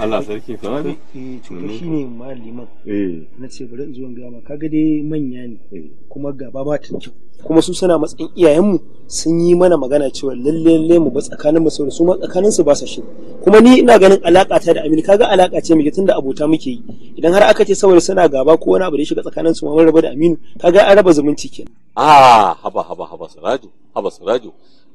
Allah sarki kamar wani eh, to mm-hmm. shi ne maliman eh. na ce bari in zo in gama kaga dai manya ne eh. kuma gaba ba ta kyau kuma su suna matsayin iyayenmu sun yi mana magana cewa lalle lalle mu ba tsakanin mu saboda su ma tsakanin su ba sa shi kuma ni ina ganin alaka ta da Aminu kaga alaka ce muke tunda abota muke yi idan har aka ce saboda suna gaba ko wani abu da ya shiga tsakanin su ma mun raba da Aminu kaga an raba zumunci kenan a ah, haba haba haba Siraju haba Siraju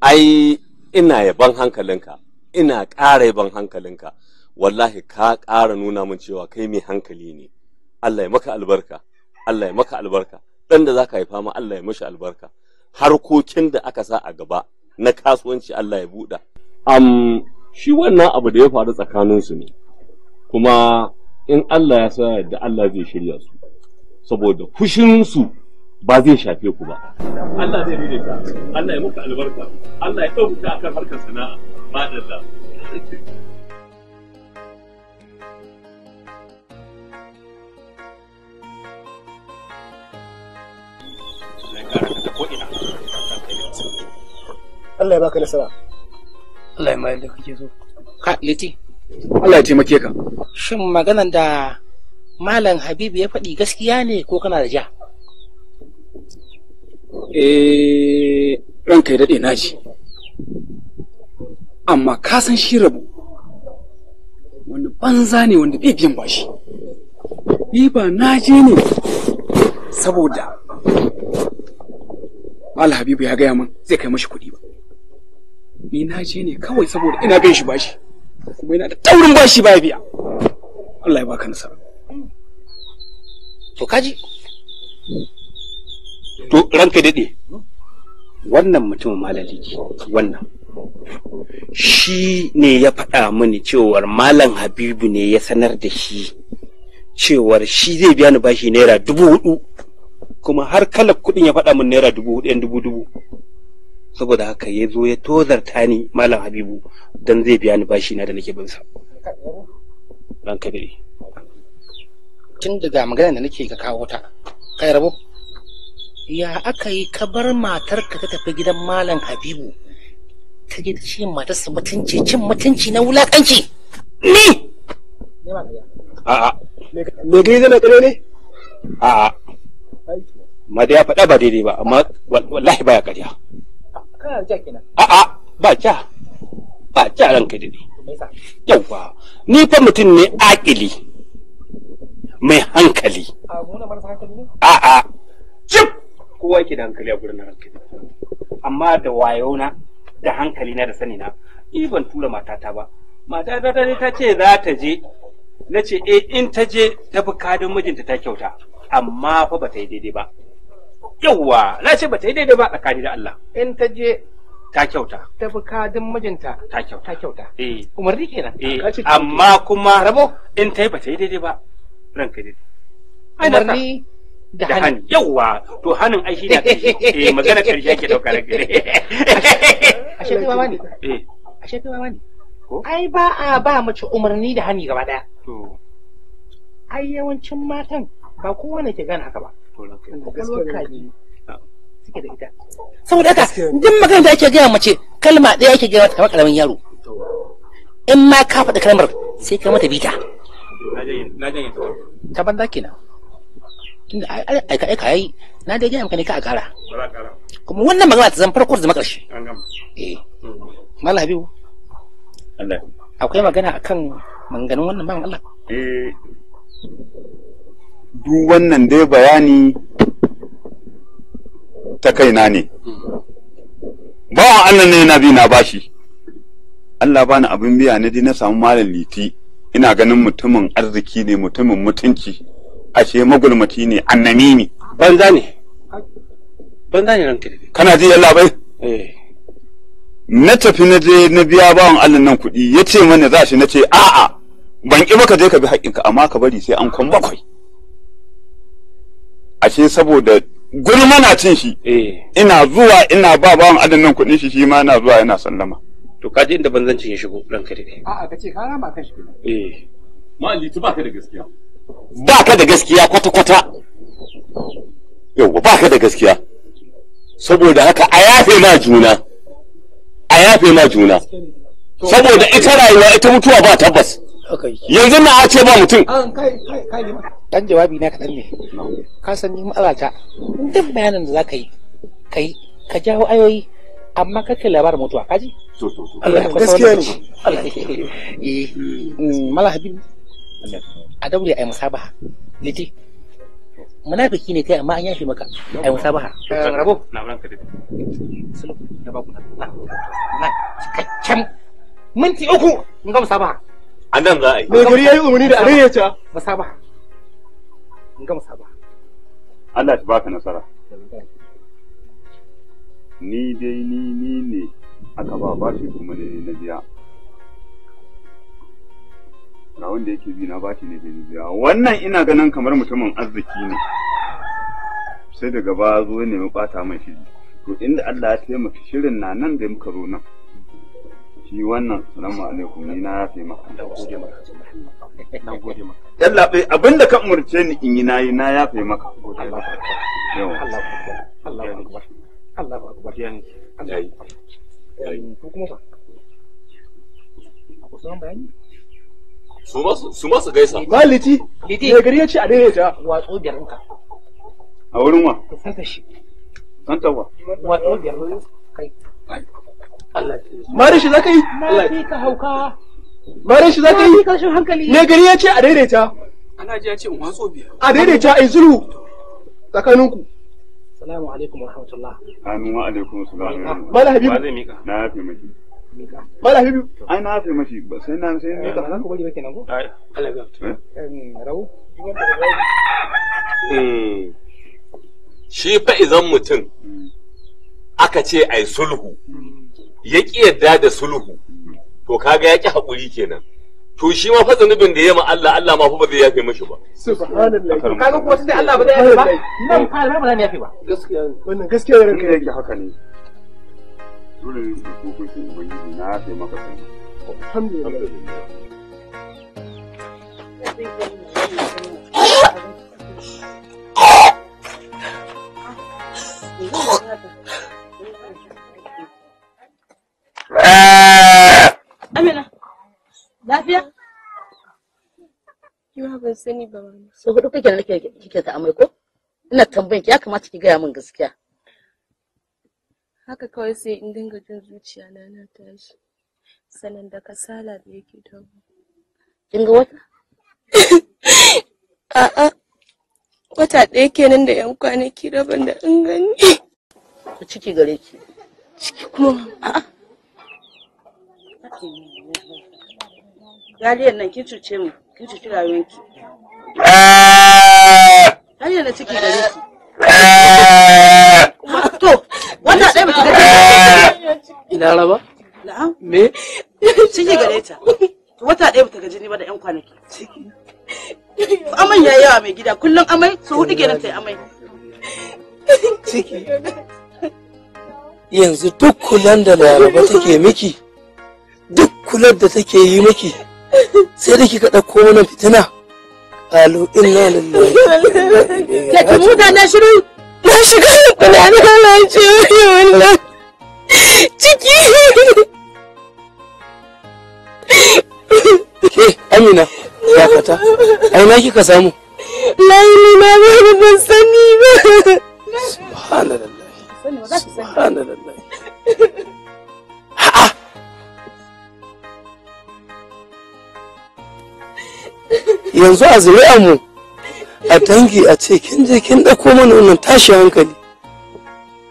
ai ina yaban hankalinka ina ƙara yaban hankalinka wallahi ka ƙara nuna min cewa kai mai hankali ne Allah ya maka albarka Allah ya maka albarka dan da zaka haifa ma Allah ya mashi albarka harkokin da aka sa a gaba na kasuwanci Allah ya buɗa am shi wannan abu da ya faru tsakanin su ne kuma in Allah ya sa da Allah zai shirya su saboda fushin su ba zai shafe ku ba. Allah zai daidaita, Allah ya muku albarka, Allah ya ɗauka akan harkar sana'a, ba da Allah ya baka nasara Allah ya mayar da kake so ka liti Allah ya taimake ka shin maganan da malam habibu ya faɗi gaskiya ne ko kana da ja eh ranka ya daɗe naji amma ka san shi rabu wanda banza ne wanda bai biyan bashi ni ba na je ne saboda Habibu ya gaya min zai kai mashi kuɗi ba ni na je ne kawai saboda ina bin shi bashi kuma ina da taurin bashi ba biya Allah ya baka nasara to kaji to ranka dade wannan mutum malaliki wannan shi ne ya faɗa mini cewar malam habibu ne ya sanar da shi cewar shi zai biya ni bashi naira dubu hudu kuma har kalar kuɗin ya faɗa mini naira dubu hudu yan dubu dubu saboda haka ya zo ya tozarta ni malam habibu don zai biya ni bashi na da nake bin sa ran kabiri tun daga magana da nake ka kawo ta kai rabo ya aka yi ka bar ka ta tafi gidan malam habibu ta je ta matar sa mutunci cin mutunci na wulakanci ni a'a me gari zana kare ne a'a ma da ya faɗa ba daidai ba amma wallahi baya ƙarya A'a ba ja. Ba ja ranka dade. Yawwa, ni fa mutum ne akili. Mai hankali. A'a. Cip! Kowa yake da hankali a gurin hankali. Amma da wayona da hankali na da sani na, ban tura matata ba. Matata ta ce za ta je na ce eh in ta je ta fi kadin mijinta ta kyauta amma fa ba ta yi daidai ba yawwa na ce ta yi daidai ba tsakani da Allah in ta je ta kyauta ta bi kadin mijinta ta kyauta ta kyauta eh umarni kenan eh amma kuma rabo in ta yi ta yi daidai ba ranka dai umarni da hannu yawwa to hannun ai shi na ƙarshe eh magana karshe ake ɗauka ranka dai ashe kai mama ne eh ashe kai mama ne ai ba a ba mace umarni da hannu gaba daya to ai yawancin matan ba kowane ke gane haka ba Ah. saboda haka duk magana da ake gaya mace kalma ɗaya ake gaya mata kamar yaro in ma ka faɗi kalmar sai ka mata bita ta banda kenan tunda aika aika yayi na dai gaya maka ne ka a ƙara kuma wannan magana ta zan farko da makarshe eh mm. mallam habibu akwai magana akan maganganun wannan bawan Allah eh duk wannan dai bayani ta kaina ne bawan Allah ne na bi na bashi Allah bani abin biya ne dai na samu malam liti ina ganin mutumin arziki ne mutumin mutunci ashe magulmati ne annami ne banza ne banza ne ranka dai kana ji Allah bai eh na tafi na je na biya bawan Allah nan kuɗi ya ce mana za shi na ce a'a ban ƙi ba ka je ka bi haƙƙinka amma ka bari sai an kwan bakwai ashe saboda guri mana cin shi eh. ina zuwa ina ba bawan adannan kuɗin shi shi ma na zuwa yana sallama to kaji inda banzancin ya shigo ranka dai a'a kace ka rama kan shi eh ma'alli ba ka da gaskiya ba ka da gaskiya kwata kwata yauwa ba ka da gaskiya saboda haka a yafe ma juna a yafe ma juna saboda ita rayuwa ita mutuwa ba tabbas yanzu na a ce ba mutum ah, dan jawabi na kaɗan ne ka san ni matsala duk bayanin da za ka yi ka ka jawo ayoyi amma kake labarin mutuwa kaji gaskiya ne eh, mm, mala habibu a daure a yi musabaha liti munafiki ne kai amma an yashi maka ai musabaha eh, rabo na ranka dai sulu baku na na cikakken minti uku mun ga musabaha a nan za a yi. Gari ya yi umarni da arin ya ce. Musaba. In ga musaba. Allah ta baka nasara. Ni dai ni ni ne aka ba shi kuma ne na biya. Ga wanda yake bi na bashi ne da biya. Wannan ina ganin kamar mutumin arziki ne. Sai daga ba zo ne mu bata mai shi. To inda Allah ya taimaka shirin na nan da muka zo nan. shi wannan salamu alaikum ni na yafe maka na gode maka na gode maka yalla bai eh, abinda ka umurce ni in yi nayi na yafe maka gode maka yawa Allah akbar Allah akbar yani yayi yayi ko um, kuma fa ko san bayani su ma ma su su gaisa ba liti liti ne gari ya ce a ta watso garinka a wurin wa santa shi santa wa watso garinka kai Mare shi za ka yi? Mare shi za ka yi? gari ya ce a daidaita. ya ce in watso A daidaita a yi sulhu tsakaninku. Salamu alaikum wa rahmatullah. Amin wa alaikum Mala Habibu. Ba Na Mala Habibu. Ai na mashi sai na sai mika. Eh, ku ba kenan ko? Allah ya eh? eh. Shi fa idan mutum hmm. aka ce ayi sulhu. Hmm. ya ƙi yadda da sulhu to kaga ya ƙi haƙuri kenan to shi ma fa zanubin da ya ma Allah Allah ma fa ba zai yafe mishi ba subhanallahi kaga ko sai Allah ba zai yafe ba nan fa ba zai yafe ba gaskiya wannan gaskiya kai yake haka ne dole ne ku ku ku ubangiji na yafe maka sai alhamdulillah Eh. Amina, lafiya? Kima ban sani ba wani. Sau hudu kake da kike ta amai ko? Ina tambayin ki ya kamata ki gaya min gaskiya. Haka kawai sai in dinga jin zuciya na na tashi. Sanan da kasala da yake damu. Kin ga wata? A'a. Wata ɗaya kenan da 'yan kwanaki rabon da in gani. Ciki gare ki. Ciki kuma a'a. Galiyan nan kin cuce mu, kin cuci ciki gare ki. To, wannan ɗaya gare Ina raba? Na'am. Me? Ciki gare ta. Wata ɗaya ba da ƴan kwanaki. ya yawa mai gida, kullum amai, so hudu kenan ta yi amai. Ciki. Yanzu duk kulan da laraba take miki. kular da take yi miki sai da kika ɗauko mana fitina alu inna lillahi ke ki na shiru na shiga tunanin lalacewa wannan ciki ke amina ya fata, ai na kika samu lai ni ma ba ban sani ba yanzu a zuri'ar mu a dangi a ce kin je kin dauko mana wannan tashi hankali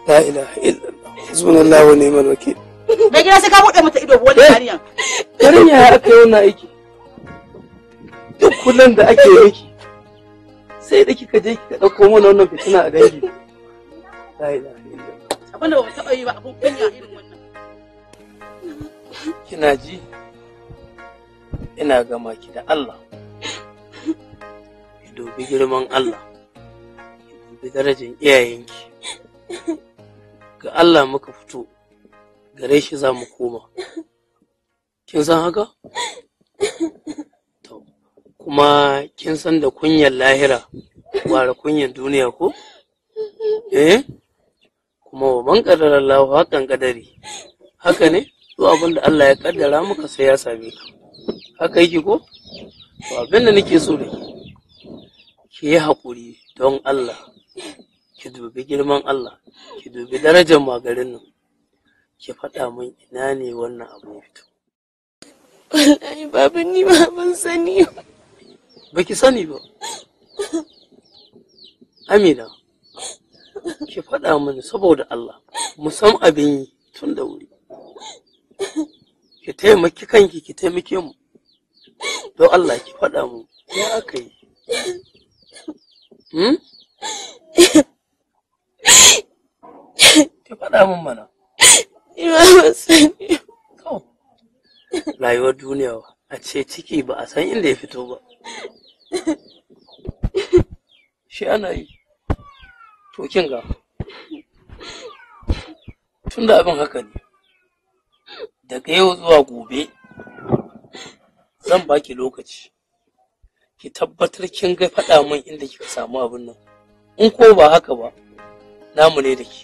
la ilaha illallah hasbunallahu wa ni'mal wakil bai gida sai ka bude mata ido wani eh, yarinya yarinya ya aka yi wannan aiki duk kullum da ake aiki sai da kika je kika dauko mana wannan fitina a dangi la ilaha illallah abin da ba taɓa yi ba abun kunya irin wannan kina ji ina gama ki da Allah Dobi girman Allah dobi darajin iyayenki ga Allah muka fito gare shi za mu koma kin san haka kuma kin san da kunyan lahira gwara kunyan duniya ko eh kuma wa man kaddara Allah hakan ƙadari. haka ne to abin da Allah ya kaddara muka sai ya same ka haka yake ko to abin da nake so da ke ki yi haƙuri don Allah ki dubi girman Allah ki dubi darajar magarin nan ki faɗa min ina ne wannan abu ya fito wallahi babu ni ba ban sani ba Ba ki sani ba amina ki faɗa min saboda Allah mu san abin yi tun da wuri ki taimaki kanki ki taimake mu don Allah ki faɗa mu ya aka yi Ki faɗa min mana. Ina ba sani. Rayuwar duniya a ce ciki ba a san inda ya fito ba. Shi ana yi. To kin ga. Tunda abin haka ne. Daga yau zuwa gobe zan baki lokaci. ki tabbatar kin ga faɗa min inda kika samu abin nan in ko ba haka ba namu ne da ke.